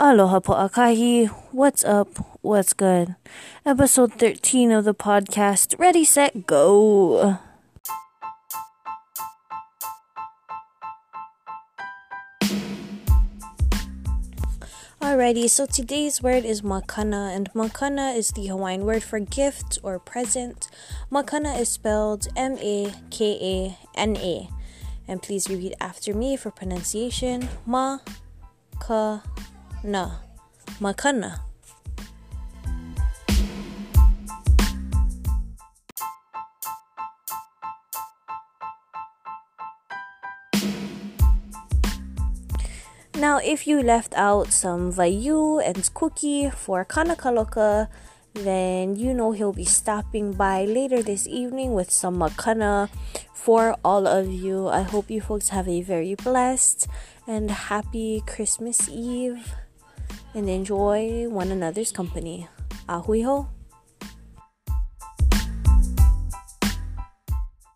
Aloha po'akahi. What's up? What's good? Episode 13 of the podcast. Ready, set, go. Alrighty, so today's word is makana, and makana is the Hawaiian word for gift or present. Makana is spelled M A K A N A. And please repeat after me for pronunciation. Ma ka na makana. Now, if you left out some vayu and cookie for kanakaloka, then you know he'll be stopping by later this evening with some makana for all of you. I hope you folks have a very blessed and happy Christmas Eve and enjoy one another's company. Ahuiho!